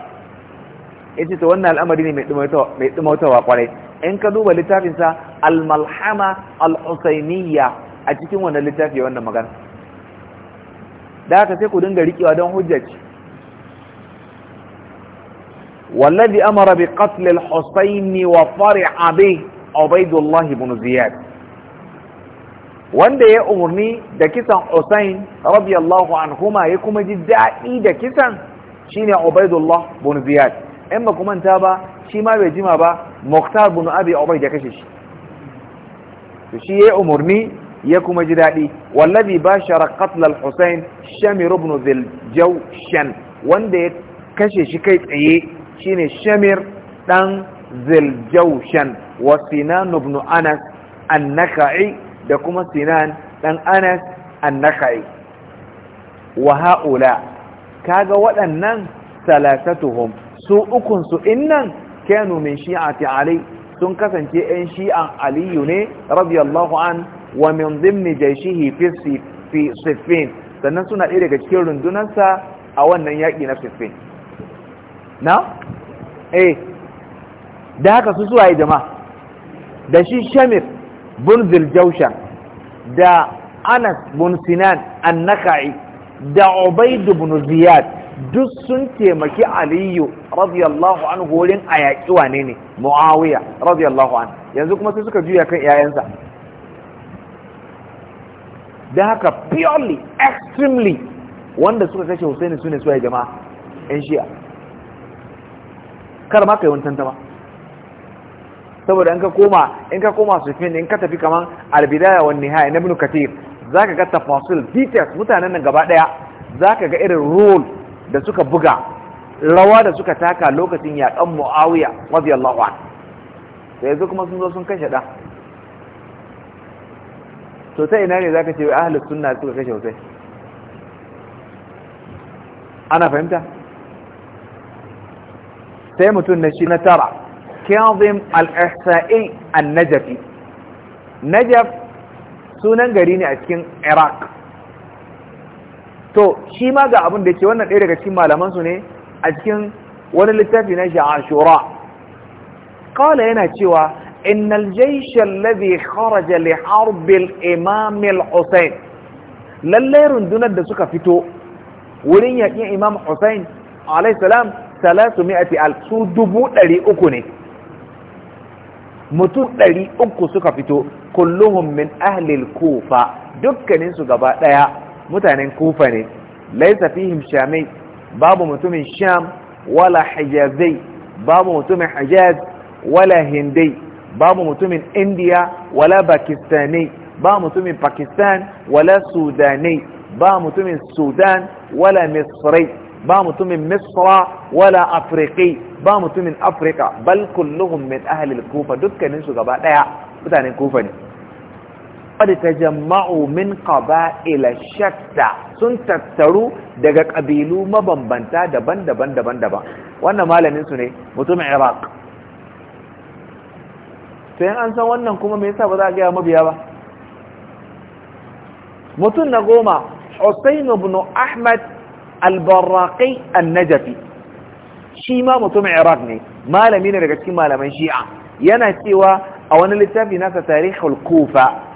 ya ce ta wannan al'amari ne mai ɗumautawa kwarai in ka duba littafinsa al-malhama al-husainiyya a cikin wannan littafi wannan magana da haka sai ku dinga riƙewa don hujjaci wallazi amara bi qatl al-husaini wa fari'a bi ubaydullah ibn ziyad wanda ya umarni da kisan Hussein radiyallahu anhuma ya kuma ji daɗi da kisan shine Ubaidullah ibn Ziyad in ba manta ba shi ma bai jima ba muktar bin abi ubayd ya kashe shi to shi yayi umurni ya kuma ji dadi wallazi bashara qatl al-husayn shamir ibn dhil jawshan wanda ya kashe shi kai tsaye shine shamir dan dhil jawshan wa sinan ibn anas an-nakhai da kuma sinan dan anas an-nakhai wa haula kaga waɗannan salasatuhum su ukunsu su innan kanu min shi'ati ali sun kasance yan shi'an aliyu ne radiyallahu an wa min dhimni jayshihi fi fi siffin sannan suna ɗaya daga cikin rundunarsa a wannan yaƙi na siffin na eh da haka su suwaye jama'a da shi shamir bin ziljaushan da anas bin sinan annaka'i da ubaidu bin ziyad duk sun taimaki aliyu radiyallahu anhu horin a yaƙi wane ne muawiya radiyallahu anhu yanzu kuma sai suka juya kan iyayensa da haka purely extremely wanda suka kashe husaini su ne suwaye jama'a yan shi'a kar ma ka yi wani tantama saboda in ka koma in ka koma fi in ka tafi kaman albidaya wani nihaya na Katir za ka ga tafasil details mutanen nan gaba daya ka ga irin role da suka buga rawa da suka taka lokacin yaƙan mu'awiya radiyallahu anhu da yanzu kuma sun zo sun kashe ɗan to ta ina ne za ka ce wa ahalus sunna suka kashe sosai. ana fahimta sai mutum na shi na tara kyanzim al-ihsa'i an-najafi najaf sunan gari ne a cikin iraq to shi ma ga abin da yake wannan ɗaya daga cikin malaman su ne a cikin wani littafi na shi ashura qala yana cewa innal jaysh alladhi kharaja li harb al imam al husayn lalle rundunar da suka fito wurin yakin imam husayn alayhi salam 300 al su dubu ɗari uku ne mutum ɗari uku suka fito kulluhum min ahlil kufa dukkaninsu gaba ɗaya mutanen kufa ne laisa fihim shamai babu mutumin sham wala hijazai babu mutumin hijaz wala hindai babu mutumin india wala pakistani babu mutumin pakistan wala sudani babu mutumin sudan wala misri babu mutumin misra wala afriki babu mutumin afrika bal kulluhum min ahli al-kufa dukkanin su gaba daya mutanen kufa ne قد تجمعوا من قبائل شتى sun tattaru daga kabilu mabambanta daban-daban daban-daban wannan malamin su ne mutumin iraq sai an san wannan kuma me yasa ba za a ga mabiya ba mutum na goma Hussein ibn Ahmad al-Barraqi an-Najfi shi ma mutumin Iraq ne malami ne daga cikin malaman Shi'a yana cewa a wani littafi nasa Tarihul Kufa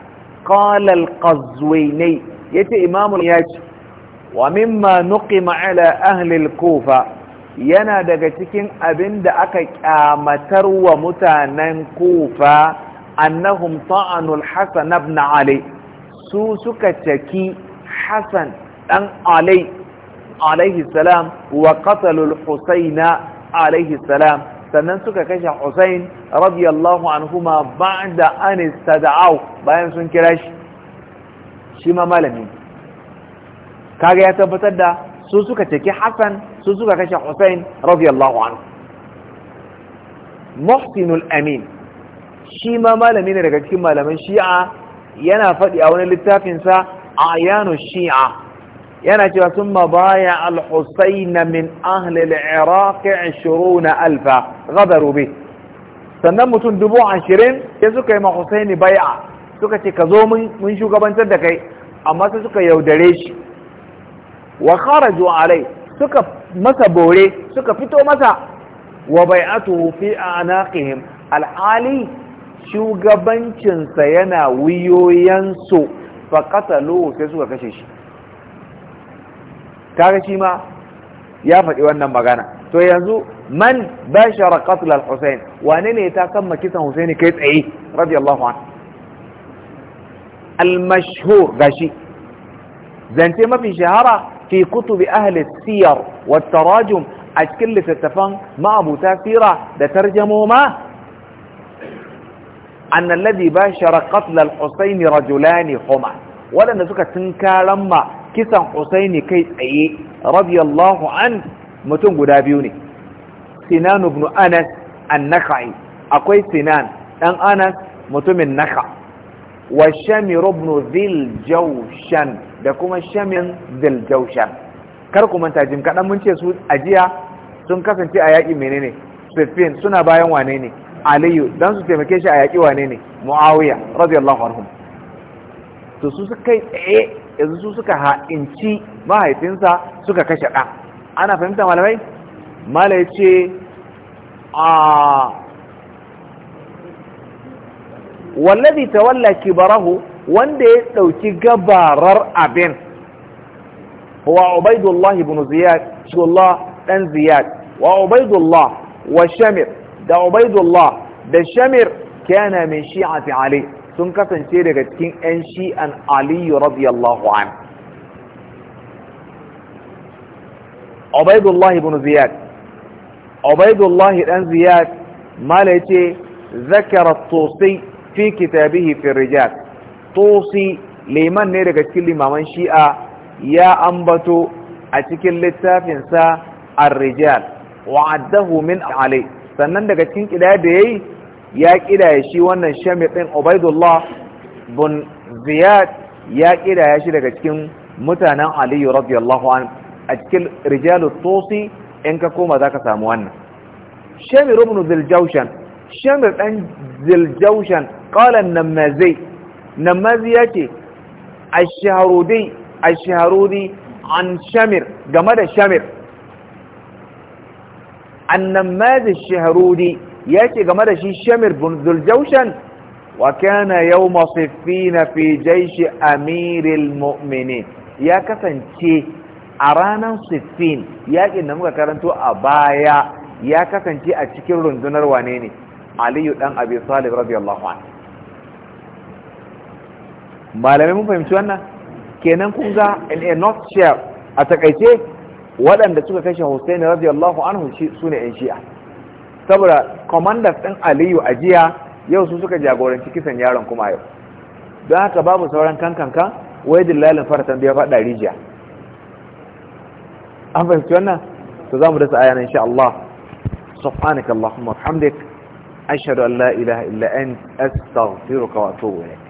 قال القزويني يتي إمام الياج ومما نقم على أهل الكوفة yana daga cikin abin da aka kyamatar wa mutanen kufa annahum ta'anul hasan ibn ali su suka caki hasan dan ali alaihi salam wa qatalul husaina salam sannan suka kashe Hussein radiyallahu anhuma ba'da an istada'u bayan sun kira shi shi ma malami kaga ya tabbatar da su suka ceki Hassan su suka kashe Hussein radiyallahu anhu Muhsinul Amin shi ma malami ne daga cikin malaman Shi'a yana faɗi a wani littafinsa Ayanu Shi'a yana cewa sun mabaya al-husaina min ahlil iraq 20 alfa ghadaru bi sannan mutum dubu ashirin ya suka yi ma husaini bai'a suka ce ka zo mun shugabantar da kai amma sai suka yaudare shi wa kharaju alai suka masa bore suka fito masa wa bai'atuhu fi anaqihim alhali shugabancinsa yana wuyoyansu fa qataluhu sai suka kashe shi kaga shi ma ya faɗi wannan magana to yanzu man bashara qatl al-husayn wane ne ta kama kisan husaini kai tsaye radiyallahu anhu al-mashhur gashi zance mafi shahara fi kutub ahli siyar wa tarajum a cikin littattafan ma abu tasira da tarjamo ma an alladhi bashara qatl al-husayn rajulani huma wadanda suka tunkaran ma kisan husaini kai tsaye radiyallahu an mutum guda biyu ne sinan ibn anas an-nakhai akwai sinan dan anas mutumin naka wa shamir ibn zil jawshan da kuma shamin zil jawshan kar ku manta jim kadan mun ce su ajiya sun kasance a yaki menene Siffin suna bayan wane ne aliyu dan su taimake shi a yaki wane ne muawiya radiyallahu anhu to su kai tsaye yanzu su suka ha'inci mahaifinsa suka kashe ɗa ana fahimta malamai malai ce a wallazi tawalla kibarahu wanda ya ɗauki gabarar abin wa ubaidullahi ibn ziyad shullah dan ziyad wa ubaidullah wa shamir da ubaidullah da shamir kana min shi'ati ali sun kasance daga cikin 'yan shi'an aliyu radiyallahu an Ubaidullahi ibn Ziyad Ubaidullahi dan Ziyad mala yace zakara tosi fi kitabihi fi rijal Tusi liman ne daga cikin limaman shi'a ya ambato a cikin littafinsa ar-rijal wa'addahu min ali sannan daga cikin kidaya da yayi ya kidaya shi wannan shamit din ubaidullah bin ziyad ya kidaya shi daga cikin mutanen ali radiyallahu an a cikin rijalu tusi in ka koma zaka samu wannan shamir ibn ziljawshan shamir dan ziljawshan qala an-namazi namazi yace ash-shahrudi ash-shahrudi an shamir game da shamir annamazi ash-shahrudi yake game da shi shamir bin zuljaushan wa kana yawma siffina fi jaishi amiril mumini ya kasance a ranar siffin yakin da muka karanto a baya ya kasance a cikin rundunar wane ne aliyu dan abi salib radiyallahu anhu malamai mun fahimci wannan kenan kun ga in a share a takaice waɗanda suka kashe Hussein radiyallahu anhu su ne 'yan shi'a saboda commanders ɗin aliyu a jiya yau su suka jagoranci kisan yaron kuma yau don haka babu sauran kankanka wai dillalin faratan da ya faɗa rijiya an fahimci wannan to za mu dasa ayana insha Allah subhanaka Allahumma hamdik ashhadu an la ilaha illa anta astaghfiruka wa atubu ilayk